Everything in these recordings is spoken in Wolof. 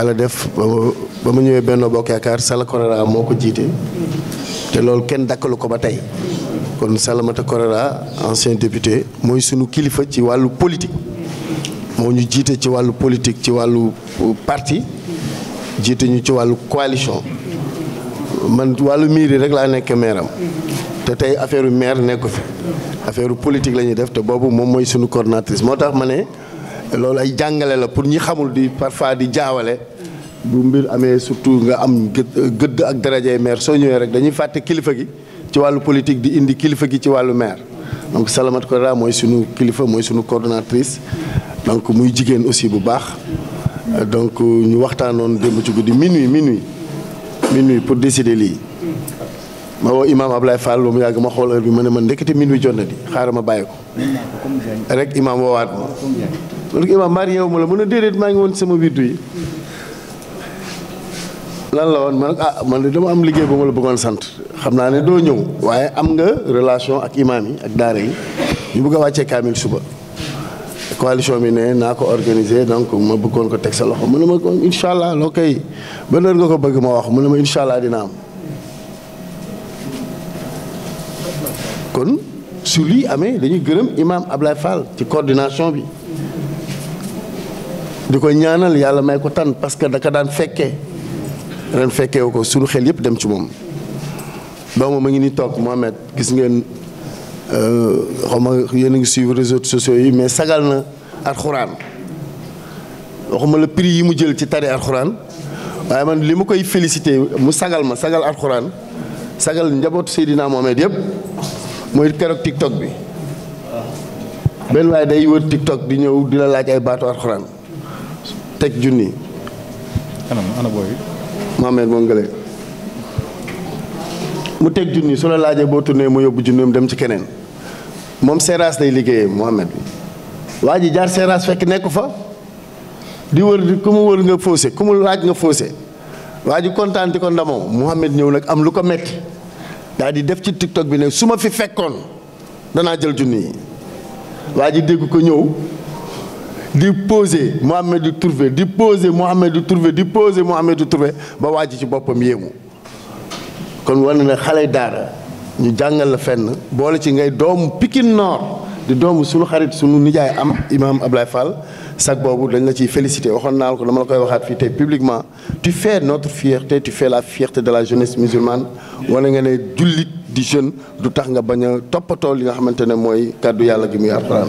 yàlla def ba ma ñëwee Benno Bokk Yaakaar Sala Corera moo ko jiite te loolu kenn dakkalu ko ba tey kon Salamata Corera ancien député mooy sunu kilifa ci wàllu politique moo ñu jiite ci wàllu politique ci wàllu euh, parti jiite ñu ci wàllu coalition man wàllu mairie rek laa nekk maire te tey affaire u maire nekku fi affaire politique la ñuy def te boobu moom mooy sunu coordonnatrice moo tax ma ne loolu ay jàngale la pour ñi xamul di parfois di jaawale bu mbir amé surtout nga am geud ak daraaje maire so ñëw rek dañuy faté kilifa gi ci walu politique di indi kilifa gi ci walu maire donc ko ra moy suñu kilifa moy suñu coordinatrice donc muy jigen aussi bu baax donc ñu waxtaanoon dem ci guddi minuit minuit minuit pour décider li ma wo imam ablay Fall mu yag ma xol heure bi mané man minuit jonne di xaaral ma ko rek imam wo ma imam Maria marié wu ma la mëna a ma ngi won sama yi lan la woon man ah man de dama am liggéey bu ma la bëggoon sant xam naa ne doo ñëw waaye am nga relation ak imaam yi ak daara yi ñu bëgg a wàccee kaamil suba coalition bi ne naa ko organiser donc ma bëggoon ko teg sa loxo mu na ma ko allah loo koy ban heure nga ko bëgg ma wax mu na ma incha allah dina am kon su lii amee dañuy gërëm imaam Ablaye Fall ci coordination bi di ko ñaanal yàlla may ko tan parce que daka daan fekkee ren fekke ko suñu xel yep dem ci moom mo ma ngi ni tok mohammed gis ngeen euh xoma yéen ngi suivre réseaux sociaux yi mais sagal na alcorane waxuma le prix yi mu jël ci tari alcorane waye man li ma koy mu sagal ma sagal alcorane sagal njabot sayidina mohammed yep moy kérok TikTok bi ben way day wër TikTok di ñew di laaj ay baatu alcorane tek junni. anam ana boy Mohamed moom gële mu teg junni su la laajee boo tourné mu yóbbu junneem dem ci keneen moom seeraas day liggéeyee Mohamed waa ji jaar seeraas fekk nekku fa di wër di ku mu wër nga faussé ku mu laaj nga faussé waa ji kontaan di ko ndamoo Mohamed ñëw nag am lu ko metti daal di def ci tiktok bi ne su ma fi fekkoon danaa jël junni yi waa ji dégg ko ñëw di Mohamed trouver. trouver di Mohamed trouver. trouver di posé Mohamed di trouver ba ne daara ñu la fenn boole ci ngay doomu Nord di doomu suñu Imam Ablaye Fall Ça que dañ la que qui félicitent, ko dama la koy publiquement tu fais notre fierté tu fais la fierté de la jeunesse musulmane wala nga ne di jeune du tax nga top, li nga ne cadeau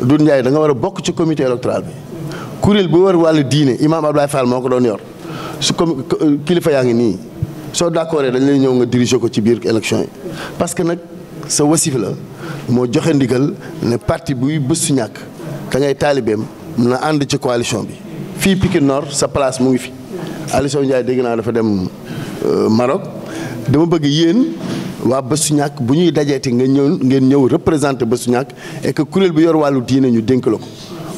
Doudou Ndiaye da nga war a bokk ci comité électoral bi kuréel bu war wàllu diine imaam Abdoulaye Fall moo ko doon yor su comme kilifa yaa ngi nii soo d'accord dañ lay ñëw nga diriger ko ci biir élection yi parce que nag sa wasif la moo joxe ndigal ne parti buy bës su ñàkk da ngay taalibeem na ànd ci coalition bi fii Pikine nor sa place mu ngi fi Aliou Sow Ndiaye dégg naa dafa dem euh, Maroc dama bëgg yéen waa Bësu Ñàkk bu ñuy dajee dajeeti nga ñëw ngeen ñëw représenté Bësu Ñàkk et que kuréel bi yor wàllu diine ñu dénk la ko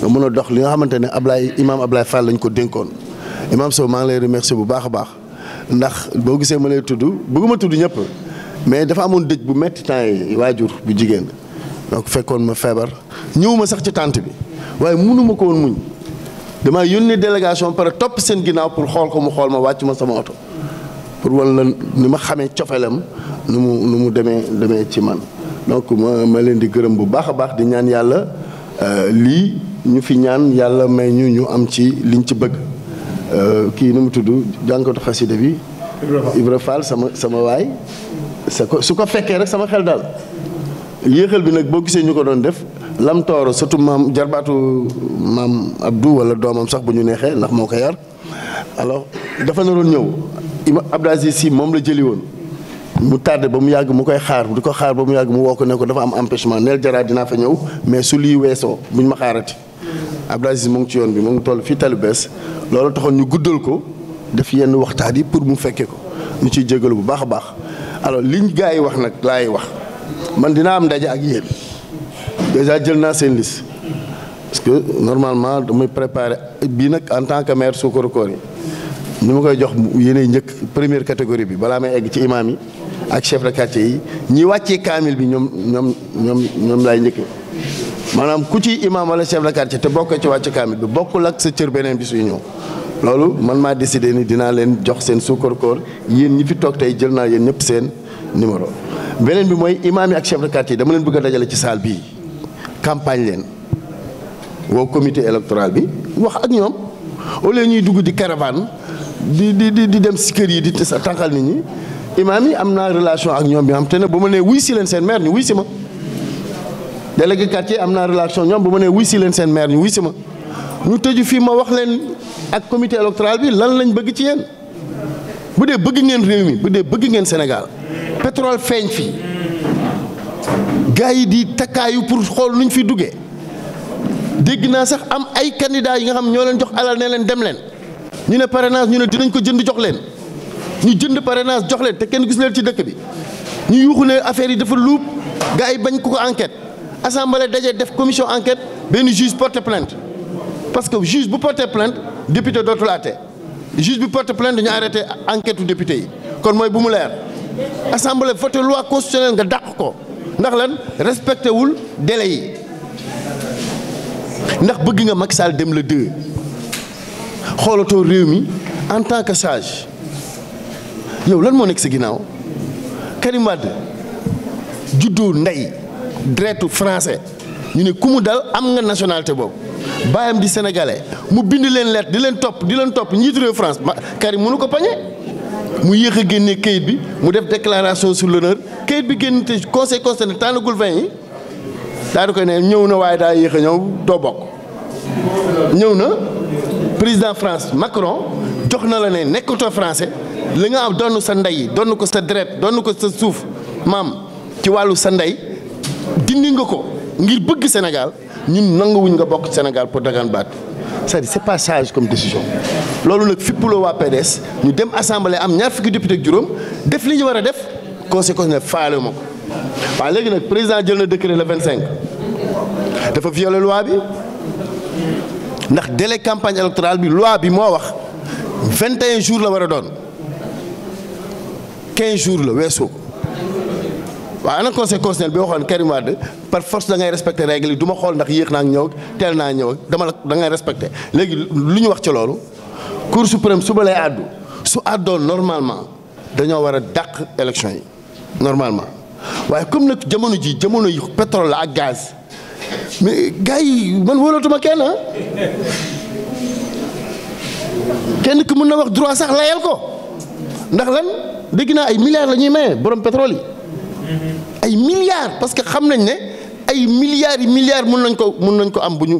nga mën a dox li nga xamante ne ab Ablaye imaam Ablaye Fall lañ ko dénkoon imaam Sow maa ngi lay remercier bu baax a baax ndax boo gisee ma lay tudd bëgguma tudd ñëpp mais dafa amoon dëj bu metti temps yi waajur bu jigéen donc fekkoon ma feebar ñëwuma sax ci tànt bi waaye mënuma ko woon muñ dama yónnee délégation pare topp seen ginnaaw pour xool mu xool ma wàcc ma sama oto pour wala ni ma xamee cofelam nu mu nu mu demee demee ci man donc ma ma leen di gërëm bu baax a baax di ñaan yàlla euh, lii ñu fi ñaan yàlla may ñu ñu am ci liñ ci bëgg euh, kii nu mu tudd jànkatu xasida bi Ibra sama sama waay sa ko su ko fekkee rek sama xel daal yéexal bi nag boo gisee ñu ko doon def lam tooro surtout maam jarbaatu maam Abdou wala doomam sax bu ñu neexee ndax moo ko yar alors dafa naroon ñëw Ima Abdou Aziz si moom la jëli woon mu tardé ba mu yàgg mu koy xaar di ko xaar ba mu yàgg mu woo ko ne ko dafa am empêchement neel jaraat dinaa fa ñëw mais su lii weesoo bu buñ ma xaarati. Abdou Aziz mu ngi ci yoon bi mu ngi toll fii tali bees loolu taxoon ñu guddal ko def yenn waxtaan yi pour mu fekkee ko ñu ciy jégalu bu baax a baax alors liñ gaa yi wax nag laay wax man dinaa am ndaje ak yéen déjà jël naa seen liste. parce que normalement damay préparer bii nag en tant que maire Soukoro Kori yi ñu ma koy jox yéenay njëkk première catégorie bi balaa may egg ci imaam yi ak chef de quartier yi ñi wàccee kaamil bi ñoom ñoom ñoom ñoom laay njëkkee maanaam ku ci imaam wala chef de quartier te bokk ci wàcce kaamil bi bokkul ak sa cër beneen bi suy ñëw loolu man maa décidé ni dinaa leen jox seen suukar koor yéen ñi fi toog tey jël naa yéen ñëpp seen numéro beneen bi mooy imaam yi ak chef de quartier dama leen bëgg a dajale ci salle bii campagne leen woo comité électoral bi wax ak ñoom au lieu ñuy dugg di caravane di di di di dem ci keur yi di tankal nit ñi imam yi amna relation ak ñom bi tane buma ne wuy ci len sen mère ñu wuy ci ma délégué quartier amna relation ñom buma ne wuy ci len sen mère ñu wuy ci ma ñu teju fi ma wax len ak comité électoral bi lan lañ bëgg ci yeen bu dé bëgg ngeen réew mi bu dé bëgg ngeen Sénégal pétrole feeñ fi gaay di takayu pour xol nuñ fi duggé dégg na sax am ay candidat yi nga xam ñoo leen jox alal ne leen dem leen ñu ne parrainage ñu ne dinañ ko jënd jox leen ñu jënd parrainage jox leen té kenn gis leen ci dëkk bi ñu yuxu né affaire yi dafa luub gaay yi bañ ko ko enquête assemblée dajé def commission enquête benn juge porte plainte parce que juge bu porte plainte député dootul laté juge bu porte plainte dañu arrêté enquête député yi kon moy bu mu lèr assemblée voté loi constitutionnelle nga dakk ko ndax lan respecté wul délai yi ndax bëgg nga Macky Sall dem le 2. xoolatoo réew mi en tant que sage yow lan moo nekk sa ginnaaw Karim Wade juddu ndey dretu français ñu ne ku mu dal am nga nationalité boobu baayam di sénégalais mu bind leen lettre di leen topp di leen topp njiitu réew France Karim mënu ko pañe mu yéex a génnee kayit bi mu def déclaration sur l'honneur kayit bi génn te conseil constitutionnel tànnagul vingt yi daa di koy ne ñëw na waaye daal yéex a ñëw doo bokk ñëw na président France Macron jox na la ne nekkatoo français li nga am donn sa ndey donu ko sa deret donu ko sa suuf mam ci walu sa ndey dindi nga ko ngir bëgg Sénégal ñun nanguwuñ nga bokk Sénégal pour dagan bat cest c'est pas sage comme décision loolu nag fippuloo wa PDS ñu dem assemblée am ñaar fukki député ak juróom def li ñu wara def conséquence ne faale ma ko waaw président jël na décret le 25 dafa violer loi bi ndax délai campagne électorale bi loi bi mo wax 21 jours la wara don 15 jours la weesoo wa ana conseil constitutionnel bi waxone Karim Wade par force da ngay respecter règle yi du ma xool ndax yéex naa ñëw tel na ñëw dama da ngay respecter légui luñu wax ci lolu cour suprême suba lay àddu su àddoon normalement daño wara a élection yi normalement waye comme nak jamono ji jamono yi pétrole ak gaz. mais gars yi man wóolatuma kenn ah kenn ki mun na wax droit sax layal ko ndax lan dégg naa ay milliards la ñuy maye borom pétrole yi ay milliards parce que xam nañ ne ay milliards yi milliards mun nañ ko mun nañ ko am bu ñu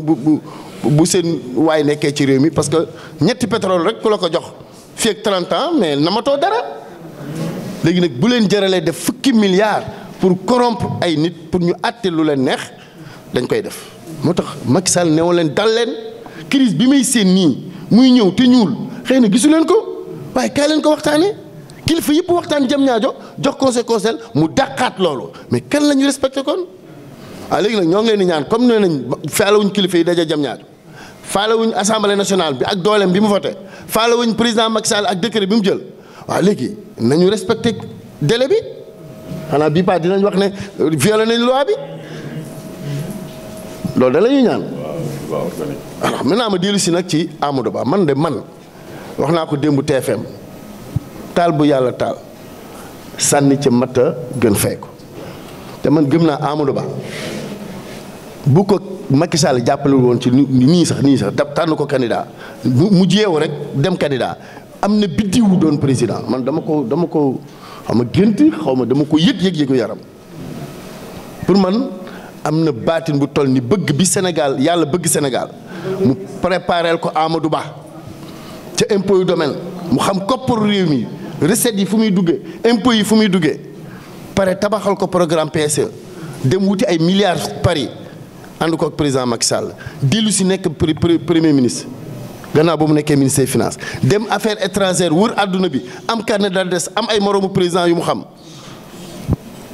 bu seen waay nekkee ci réew mi parce que ñetti pétrole rek ku la ko jox fii ak 30 mais namatoo dara léegi nag bu leen jëralee def fukki milliards pour corrompre ay nit pour ñu àtte lu leen neex. dañ koy def moo tax Macky Sall newoon leen dal leen crise bi may séen nii muy ñëw te ñuul xëy na gisu leen ko waaye kaay leen ko waxtaanee kilifa yëpp waxtaan jëm ñaajo jox conséquence mu dàqaat loolu mais kan la ñu respecté kon. waaw ah, léegi nag ñoo leen di ñaan comme nee nañ faalewuñ kilifa yi daje jëm ñaajo faalewuñ assemblée nationale bi ak dooleem bi mu voté faalewuñ président Macky Sall ak décret bi mu jël waaw léegi nañu respecté délai bi xanaa bii paa dinañ wax ne violé nañ loi bi. loolu de lañuy ñuy ñaan. alors ma dellu nag ci Amadou Ba man de man wax naa ko démb TFM taal bu yàlla taal sànni ci matt a gën fay ko te man gëm naa Amadou Ba bu ko Macky Sall jàppale woon ci nii sax nii sax tànn ko candidat mu mu jeewu rek dem candidat am na biddiwu doon président man dama ko dama ko xaw ma gént xaw ma dama ko yëg yëg yëgu yaram pour man. am batin bu toll ni bëgg bi Sénégal yalla bëgg Sénégal mu préparer ko Amadou Ba ci impôt yu domaine mu xam pour réew mi recette yi fu muy duggee impôt yi fu muy duggee pare tabaxal ko programme PSE dem wuti ay milliards Paris and ko ak président Macky Sall si nek premier ministre gannaaw ba mu nekkee ministre des finances dem affaires étrangères wour aduna bi am carnet d'adresse am ay morom président yu mu xam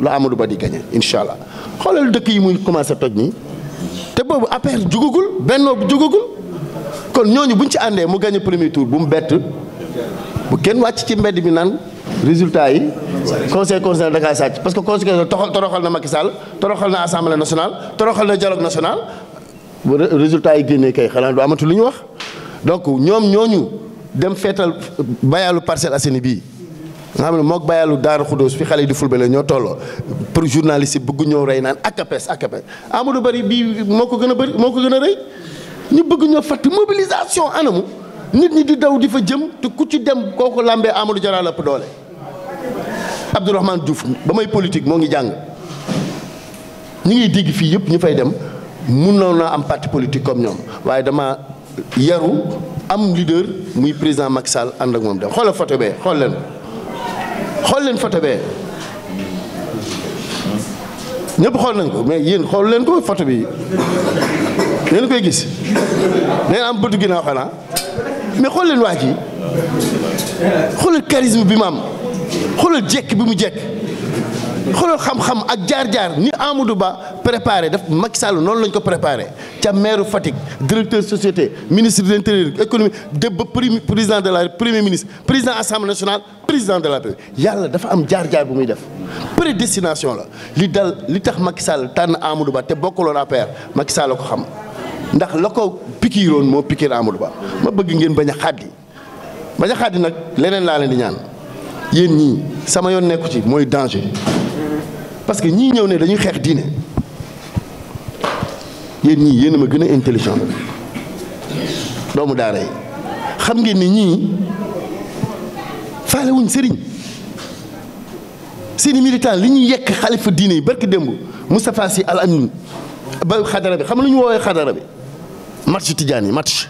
la Amadou Ba di gagné incha allah xoolal dëkk yi muy commencé toj nii te boobu APR jugagul Benno jugagul kon ñooñu buñ ci àndee mu gagné premier tour bu mu bett bu kenn wàcc ci mbedd bi naan résultat yi. conseil constitutionnel da kaa sàcc parce que conseil constitutionnel toroxal na Macky Sall toroxal na assemblée nationale toroxal na dialogue national bu résultat yi génnee kay xanaa du amatu lu ñu wax donc ñoom ñooñu dem feetal bayaalu Parcelles Assainies bii. nga xam ne moog bayalu Daara Xudóos fi xale yi di fulbale ñoo tolloo pour journaliste yi bëgg ñoo rey naan a a akapes Amadou Bari bii moo ko gën a bëri moo ko gën a rëy ñu bëgg ñoo fàtt mobilisation anamu nit ñi di daw di fa jëm te ku ci dem kooku làmbee Amadou Jara la doole. Abdourahmane Diouf ba may politique moo ngi jàng ñi ngi dégg fii yëpp ñu fay dem mënoon naa am parti politique comme ñoom waaye dama yaru am leader muy président Macky Sall ànd ak moo dem xoolal photo bee xool leen xool leen photo be ñëpp xool nañ ko mais yéen xool leen ko photo bi yéen koy gis dangeen am bëtu ginnaaw xanaa mais xool leen waa ji xoolal charisme bi mu am xoolal jekk bi mu jekk xoolal xam-xam ak jaar-jaar ni Amadou Ba préparé daf Macky Sall noonu lañ ko préparé ca maire Fatick directeur société ministre de l'intérieur économie débb président de la premier ministre président assemblée nationale président de la République yalla dafa am jaar-jaar bu muy def prédestination la li dal li tax Macky Sall tànn Amadou Ba té te bokkaloon APR Macky Sall ko xam ndax lako pikiron mo moo Amadou Ba ma bëgg ngeen baña xadi baña xadi nak leneen la leen di ñaan yéen ñii sama yon nekku ci moy danger parce que ñii ñëw ne dañuy xeex diine yéen ñii yéen a ma gën a intelligent doomu daara yi xam ngeen ni ñii faale wuñ sëriñ seeni militant li ñuy yekk xalifa diine yi barki démb Moustapha si Al Amin ba xadara bi xam nga lu ñu woowee xadara bi match tijaan yi match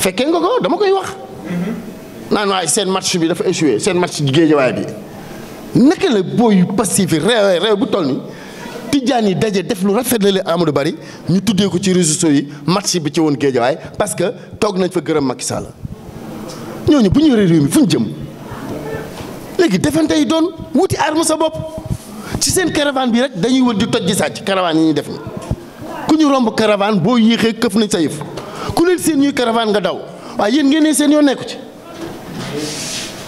fekkee nga ko dama koy wax naan waaye seen match bi dafa échoué seen match géejawaay bi naka la booy passif yi réew réew bu toll ni tijaan yi daje def lu rafet la leen Amadou Bari ñu tuddee ko ci réseaux sociaux yi match bi ci woon Guédiawaye parce que toog nañ fa gërëm Macky Sall ñooñu bu ñu yoree réew mi fu ñu jëm léegi defante yi doon wuti arme sa bopp ci seen caravane bi rek dañuy wër di toj di sàcc caravane yi ñuy def ni ku ñu romb caravane boo yéexee këf nañ sa yëf ku leen seen ñuy caravane nga daw waaye yéen ngeen ne seen yoo nekku ci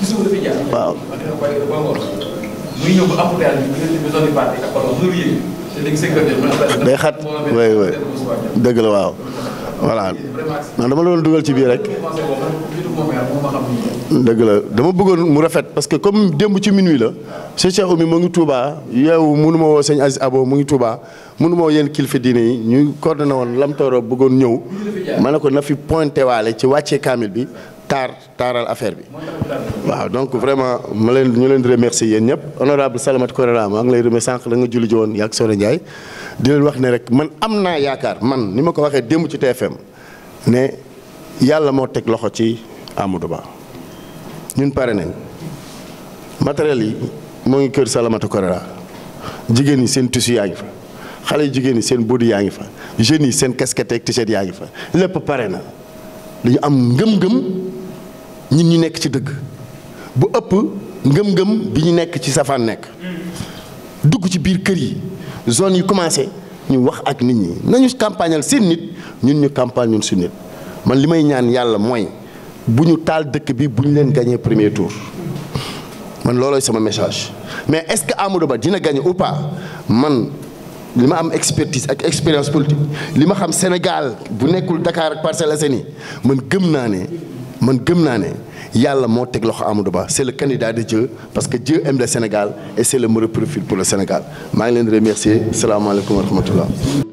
waaw. day xat way way dëgg la waaw. voilà non dama la dugal ci biir rek. dëgg la dama bëggoon mu rafet parce que comme démb ci minuit la. sëñ Cheikh Oumy mu ngi Touba yow mënuma woo sëñ Aziz Abo mu ngi Touba mënu ma woo yéen kilifa diine yi ñu coordonné woon Lam Tooro bëggoon ñëw. ma ne ko na fi pointé ci wàcce kaamil bi. taar taaral affaire bi waaw donc vraiment ma leen ñu leen di remercier yéen ñëpp honorable Salamata Kourara maa ngi lay remercier sànq la nga julli ji woon yàgg Soxna di leen wax ne rek man am naa yaakaar man ni ma ko waxee démb ci TFM ne yàlla moo teg loxo ci Amadou Ba ñun pare nañ matériel yi moo ngi kër Salamata Kourara jigéen ñi seen tissu yaa ngi fa xale yi jigéen ñi seen body yaa ngi fa jeunes yi seen casquette ak t-shirt yaa ngi fa lépp pare na dañu am ngëm-ngëm ñun ñu nekk ci dëgg bu ëpp ngëm-ngëm bi ñu nekk ci safaan nekk dugg ci biir kër yi zone yi commencé ñu wax ak nit ñi nañu campagnal seen nit ñun ñu campagne ñun suñu nit man li may ñaan yàlla mooy bu ñu taal dëkk bi bu ñu leen gagné premier tour man loolooy sama message mais est-ce que Amadou Ba dina gagné ou pas man li ma am expertise ak expérience politique li ma xam Sénégal bu nekkul Dakar ak Parcelles Assainies man gëm naa ne. man gëm naa ne yàlla moo teg loxo Amadou Ba C'est le candidat de Dieu parce que Dieu aime le Sénégal et c'est le meilleur profil pour le Sénégal maa ngi leen di remercier wa rahmatoullah